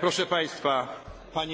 proszę państwa panie i panowie the microphone.